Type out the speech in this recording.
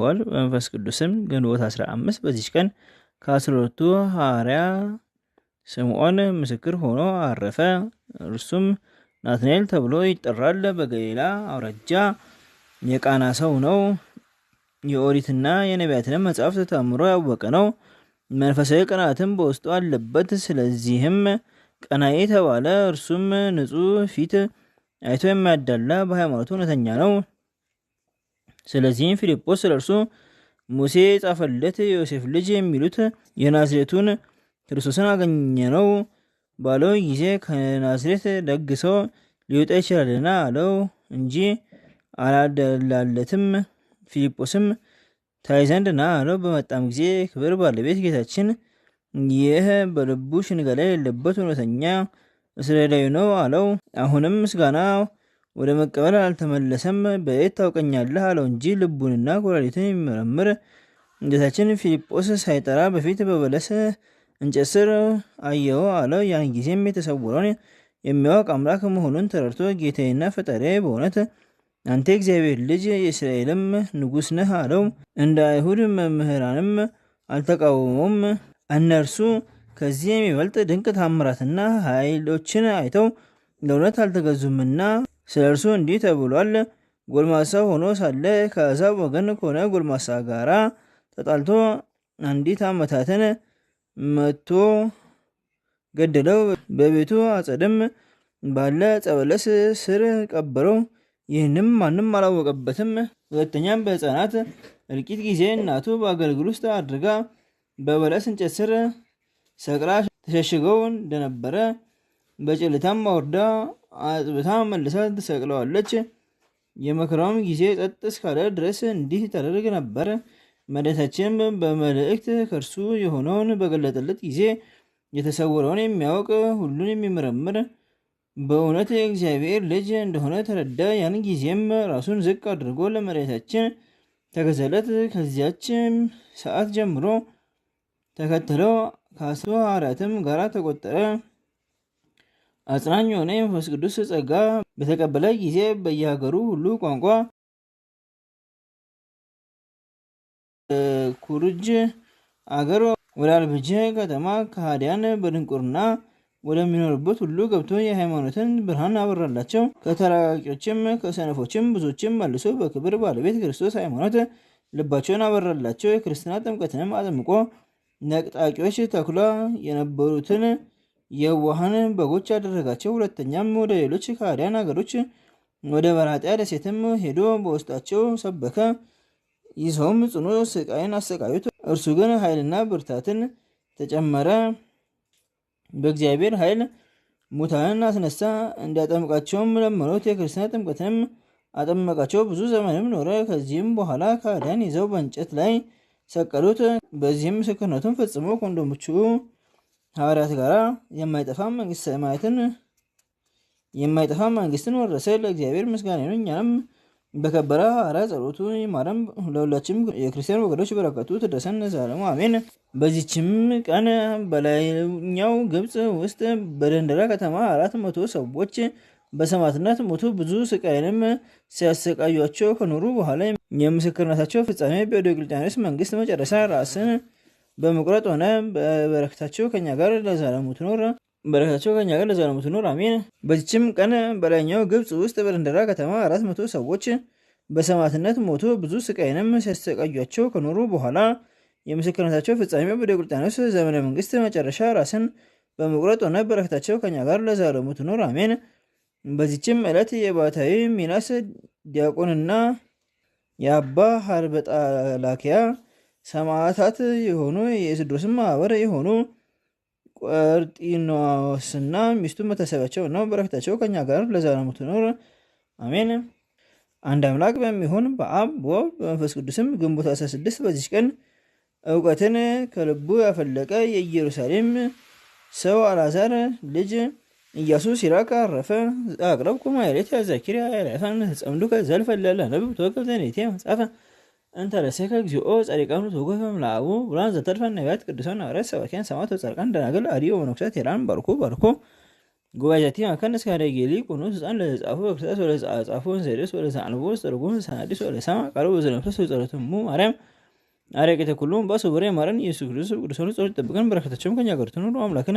ወል በመንፈስ ቅዱስም ግንቦት 15 በዚች ቀን ከአስራቱ ሐዋርያ ስምዖን ምስክር ሆኖ አረፈ። እርሱም ናትናኤል ተብሎ ይጠራል። በገሊላ አውራጃ የቃና ሰው ነው። የኦሪትና የነቢያትንም መጽሐፍት ተምሮ ያወቀ ነው። መንፈሳዊ ቅናትም በውስጡ አለበት። ስለዚህም ቀናኢ ተባለ። እርሱም ንጹሕ ፊት አይቶ የሚያዳላ በሃይማኖቱ እውነተኛ ነው። ስለዚህም ፊልጶስ ስለ እርሱ ሙሴ ጻፈለት ዮሴፍ ልጅ የሚሉት የናዝሬቱን ክርስቶስን አገኘ ነው ባለው ጊዜ ከናዝሬት ደግ ሰው ሊወጣ ይችላልና አለው እንጂ አላደላለትም። ፊልጶስም ታይ ዘንድ ና አለው። በመጣም ጊዜ ክብር ባለቤት ጌታችን ይህ በልቡ ሽንገላ የለበት እውነተኛ እስራኤላዊ ነው አለው። አሁንም ምስጋና ወደ መቀበል አልተመለሰም። በየት ታውቀኛለህ አለው እንጂ ልቡንና ኩላሊቱን የሚመረምር ጌታችን ፊልጶስ ሳይጠራ በፊት በበለስ እንጨት ስር አየው አለው። ያን ጊዜም የተሰወረውን የሚያውቅ አምላክ መሆኑን ተረድቶ ጌታዬና ፈጣሪ በእውነት አንተ እግዚአብሔር ልጅ የእስራኤልም ንጉሥ ነህ አለው። እንደ አይሁድ መምህራንም አልተቃወመውም። እነርሱ ከዚህ የሚበልጥ ድንቅ ታምራትና ኃይሎችን አይተው ለእውነት አልተገዙምና ስለ እርሱ እንዲህ ተብሏል፣ ጎልማሳ ሆኖ ሳለ ከአሕዛብ ወገን ከሆነ ጎልማሳ ጋራ ተጣልቶ አንዲት ዓመታትን መቶ ገደለው። በቤቱ አጸድም ባለ ጸበለስ ስር ቀበረው። ይህንም ማንም አላወቀበትም። ሁለተኛም በሕፃናት እልቂት ጊዜ እናቱ በአገልግል ውስጥ አድርጋ በበለስ እንጨት ስር ሰቅላ ተሸሽገው እንደነበረ በጭልታም አውርዳ አጥብታ መልሳ ትሰቅለዋለች። የመከራውም ጊዜ ጸጥ እስካለ ድረስ እንዲህ ተደርግ ነበር። መድኃኒታችን በመልእክት ከእርሱ የሆነውን በገለጠለት ጊዜ የተሰወረውን የሚያውቅ ሁሉን የሚመረምር በእውነት የእግዚአብሔር ልጅ እንደሆነ ተረዳ። ያን ጊዜም ራሱን ዝቅ አድርጎ ለመሬታችን ተገዘለት ከዚያችም ሰዓት ጀምሮ ተከተለው ከአስሩ ሐዋርያትም ጋር ተቆጠረ። አጽናኝ የሆነ የመንፈስ ቅዱስ ጸጋ በተቀበለ ጊዜ በየሀገሩ ሁሉ ቋንቋ ኩርጅ አገር ወዳልበጀ ከተማ ከሃዲያን በድንቁርና ወደሚኖርበት ሁሉ ገብቶ የሃይማኖትን ብርሃን አበራላቸው። ከተራቂዎችም ከሰነፎችም ብዙዎችም መልሶ በክብር ባለቤት ክርስቶስ ሃይማኖት ልባቸውን አበራላቸው። የክርስትና ጥምቀትንም አጥምቆ ነቅጣቂዎች ተኩላ የነበሩትን የዋሃን በጎች ያደረጋቸው። ሁለተኛም ወደ ሌሎች ከሃዲያን አገሮች ወደ በራጢያ ደሴትም ሄዶ በውስጣቸው ሰበከ። ይዘውም ጽኑ ስቃይን አሰቃዩት። እርሱ ግን ኃይልና ብርታትን ተጨመረ። በእግዚአብሔር ኃይል ሙታንን አስነሳ። እንዲያጠምቃቸውም ለመኑት። የክርስትና ጥምቀትንም አጠመቃቸው። ብዙ ዘመንም ኖረ። ከዚህም በኋላ ካዳን ይዘው በእንጨት ላይ ሰቀሉት። በዚህም ምስክርነቱን ፈጽሞ ኮንዶሞቹ ሐዋርያት ጋር የማይጠፋ መንግስት ሰማያትን የማይጠፋ መንግስትን ወረሰ። ለእግዚአብሔር ምስጋና ነው። እኛንም በከበረ አራ ጸሎቱ ይማረን። ለሁላችንም የክርስቲያን ወገኖች በረከቱ ትደሰን ዘላለሙ አሜን። በዚችም ቀን በላይኛው ግብፅ ውስጥ በደንደራ ከተማ አራት መቶ ሰዎች በሰማዕትነት ሞቱ። ብዙ ስቃይንም ሲያሰቃዩቸው ከኖሩ በኋላ የምስክርነታቸው ፍጻሜ በዲዮቅልጥያኖስ መንግስት መጨረሻ ራስን በመቁረጥ ሆነ በረከታቸው ከኛ ጋር ለዘላለሙ ትኖር በረከታቸው ከኛ ጋር ለዘላለሙ ትኖር አሜን። በዚችም ቀን በላይኛው ግብፅ ውስጥ በደንደራ ከተማ አራት መቶ ሰዎች በሰማዕትነት ሞቱ። ብዙ ስቃይንም ሲያሰቃያቸው ከኖሩ በኋላ የምስክርነታቸው ፍጻሜ በዲዮቅልጥያኖስ ዘመነ መንግስት መጨረሻ ራስን በመቁረጥ ሆነ። በረከታቸው ከኛ ጋር ለዘላለሙ ትኖር አሜን። በዚችም ዕለት የባህታዊ ሚናስ ዲያቆንና የአባ ሀርበጣላኪያ ሰማዕታት የሆኑ የስድሮስን ማህበር የሆኑ ቆርጢኖስና ሚስቱ መተሰቢያቸው ነው። በረፊታቸው ከኛ ጋር ለዘላለሙ ትኖር አሜን። አንድ አምላክ በሚሆን በአብ በወልድ በመንፈስ ቅዱስም ግንቦት 16 በዚች ቀን እውቀትን ከልቡ ያፈለቀ የኢየሩሳሌም ሰው አላዛር ልጅ ኢያሱ ሲራክ አረፈ። አቅረብኩ ማኅሌተ ዘኪርያ ኤልያሳን ጸምዱከ ዘልፈለለ ነብብ ተወከብ ዘኔቴ መጻፈ እንተረሴከ እግዚኦ ጸሪቀኑ ትውጉህ በምልአቡ ብርሃን ዘተድፈነ ነቢያት ቅዱሳን ሐዋርያት ሰባክያን ሰማቶ ጸርቀን ደናግል አዲዮ ወመነኮሳት ሄራን በርኩ ባርኩ ጉባኤዛቲ መካነ እስከ ኃደጌሊ ቁኑት ሕፃን ለዘጻፉ በክርስቶስ ወለዘ ጻፉ እንዘይደስ ወለዘ አንቦ ዘተርጉም እንሳናዲስ ወለሰማ ቃሉ በዘለምሶስ ወጸሎትሙ ማርያም ኩሉም ኩሉ ብሬ ማረን ኢየሱስ ክርስቶስ ቅዱሳኑ ጸሎት ይጠብቀን፣ በረከታቸውም ከእኛ ጋር ትኑር አምላክነ